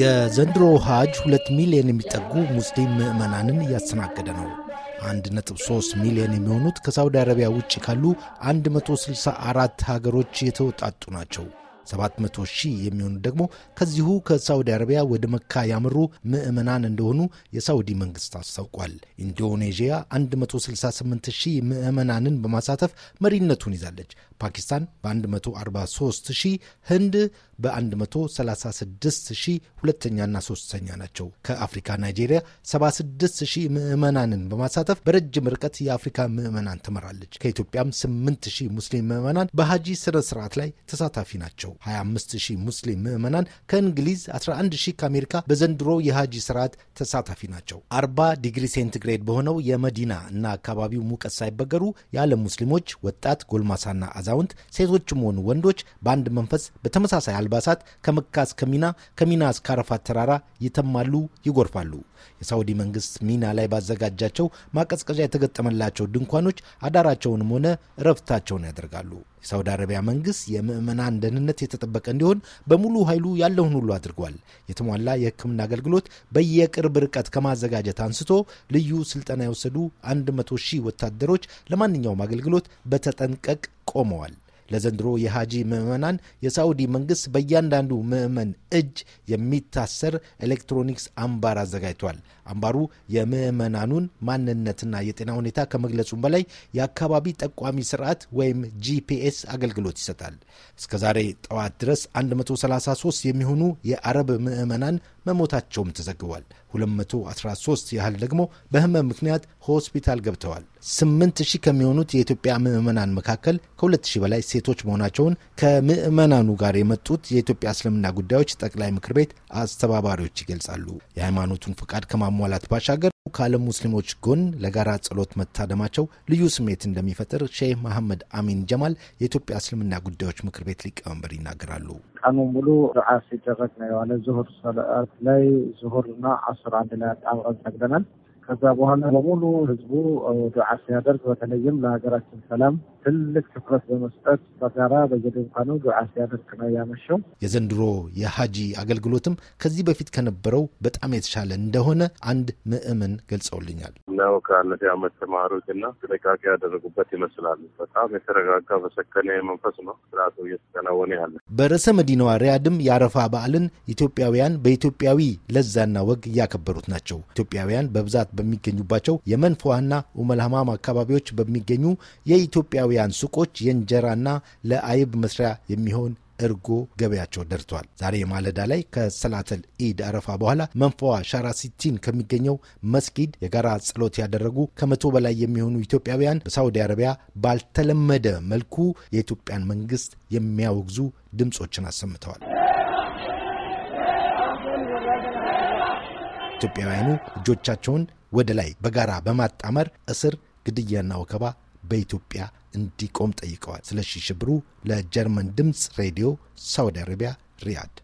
የዘንድሮ ሀጅ ሁለት ሚሊዮን የሚጠጉ ሙስሊም ምዕመናንን እያስተናገደ ነው። 1.3 ሚሊዮን የሚሆኑት ከሳውዲ አረቢያ ውጭ ካሉ 164 ሀገሮች የተውጣጡ ናቸው። 700 ሺህ የሚሆኑ ደግሞ ከዚሁ ከሳውዲ አረቢያ ወደ መካ ያመሩ ምዕመናን እንደሆኑ የሳውዲ መንግስት አስታውቋል። ኢንዶኔዥያ 168 ሺህ ምዕመናንን በማሳተፍ መሪነቱን ይዛለች። ፓኪስታን በ143 ሺህ፣ ህንድ በ136 ሺህ ሁለተኛና ሶስተኛ ናቸው። ከአፍሪካ ናይጄሪያ 76 ሺህ ምዕመናንን በማሳተፍ በረጅም ርቀት የአፍሪካ ምዕመናን ትመራለች። ከኢትዮጵያም 8 ሺህ ሙስሊም ምዕመናን በሀጂ ስነ ስርዓት ላይ ተሳታፊ ናቸው። 25 ሺህ ሙስሊም ምዕመናን ከእንግሊዝ፣ 11 ሺህ ከአሜሪካ በዘንድሮ የሀጂ ስርዓት ተሳታፊ ናቸው። 40 ዲግሪ ሴንቲግሬድ በሆነው የመዲና እና አካባቢው ሙቀት ሳይበገሩ የዓለም ሙስሊሞች ወጣት፣ ጎልማሳና አዛውንት ሴቶችም ሆኑ ወንዶች በአንድ መንፈስ በተመሳሳይ አልባሳት ከመካ እስከ ሚና፣ ከሚና እስከ አረፋት ተራራ ይተማሉ፣ ይጎርፋሉ። የሳውዲ መንግስት ሚና ላይ ባዘጋጃቸው ማቀዝቀዣ የተገጠመላቸው ድንኳኖች አዳራቸውንም ሆነ እረፍታቸውን ያደርጋሉ። የሳውዲ አረቢያ መንግስት የምዕመናን ደህንነት የተጠበቀ እንዲሆን በሙሉ ኃይሉ ያለውን ሁሉ አድርጓል። የተሟላ የሕክምና አገልግሎት በየቅርብ ርቀት ከማዘጋጀት አንስቶ ልዩ ስልጠና የወሰዱ 100 ሺህ ወታደሮች ለማንኛውም አገልግሎት በተጠንቀቅ ቆመዋል። ለዘንድሮ የሃጂ ምዕመናን የሳዑዲ መንግስት በእያንዳንዱ ምዕመን እጅ የሚታሰር ኤሌክትሮኒክስ አምባር አዘጋጅቷል። አምባሩ የምዕመናኑን ማንነትና የጤና ሁኔታ ከመግለጹም በላይ የአካባቢ ጠቋሚ ስርዓት ወይም ጂፒኤስ አገልግሎት ይሰጣል። እስከዛሬ ዛሬ ጠዋት ድረስ 133 የሚሆኑ የአረብ ምዕመናን መሞታቸውም ተዘግቧል። 213 ያህል ደግሞ በህመም ምክንያት ሆስፒታል ገብተዋል። 8000 ከሚሆኑት የኢትዮጵያ ምዕመናን መካከል ከ2000 በላይ ሴቶች መሆናቸውን ከምዕመናኑ ጋር የመጡት የኢትዮጵያ እስልምና ጉዳዮች ጠቅላይ ምክር ቤት አስተባባሪዎች ይገልጻሉ። የሃይማኖቱን ፍቃድ ከማሟላት ባሻገር ከዓለም ሙስሊሞች ጎን ለጋራ ጸሎት መታደማቸው ልዩ ስሜት እንደሚፈጥር ሼህ መሐመድ አሚን ጀማል የኢትዮጵያ እስልምና ጉዳዮች ምክር ቤት ሊቀመንበር ይናገራሉ። ቀኑ ሙሉ ዱዓ ሲደረግ ነው የዋለ ዙሁር ሰላት ላይ ዙሁርና አስር አንድ ላይ አጣምረን ሰግደናል። ከዛ በኋላ በሙሉ ህዝቡ ዱዓ ሲያደርግ በተለይም ለሀገራችን ሰላም ትልቅ ትኩረት በመስጠት በጋራ በየድንኳኑ ዱዓ ሲያደርግ ነው ያመሸው። የዘንድሮ የሀጂ አገልግሎትም ከዚህ በፊት ከነበረው በጣም የተሻለ እንደሆነ አንድ ምዕምን ገልጸውልኛል። እናው ከአለፈ ዓመት ተማሪዎችና ጥንቃቄ ያደረጉበት ይመስላል። በጣም የተረጋጋ በሰከነ መንፈስ ነው ስርዓቱ እየተከናወነ ያለ። በርዕሰ መዲናዋ ሪያድም የአረፋ በዓልን ኢትዮጵያውያን በኢትዮጵያዊ ለዛና ወግ እያከበሩት ናቸው። ኢትዮጵያውያን በብዛት በሚገኙባቸው የመንፎሃና ኡመልሃማም አካባቢዎች በሚገኙ የኢትዮጵያውያን ሱቆች የእንጀራና ለአይብ መስሪያ የሚሆን እርጎ ገበያቸው ደርቷል። ዛሬ ማለዳ ላይ ከሰላተል ኢድ አረፋ በኋላ መንፈዋ ሻራሲቲን ከሚገኘው መስጊድ የጋራ ጸሎት ያደረጉ ከመቶ በላይ የሚሆኑ ኢትዮጵያውያን በሳውዲ አረቢያ ባልተለመደ መልኩ የኢትዮጵያን መንግስት የሚያወግዙ ድምፆችን አሰምተዋል። ኢትዮጵያውያኑ እጆቻቸውን ወደ ላይ በጋራ በማጣመር እስር፣ ግድያና ወከባ በኢትዮጵያ እንዲቆም ጠይቀዋል። ስለሺ ሽብሩ ለጀርመን ድምፅ ሬዲዮ ሳውዲ አረቢያ ሪያድ